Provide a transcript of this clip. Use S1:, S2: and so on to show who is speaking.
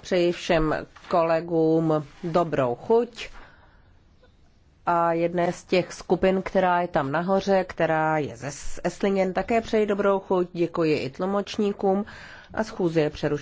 S1: Přeji všem kolegům dobrou chuť a jedné z těch skupin, která je tam nahoře, která je ze Eslingen, také přeji dobrou chuť. Děkuji i tlumočníkům a schůze je přerušená.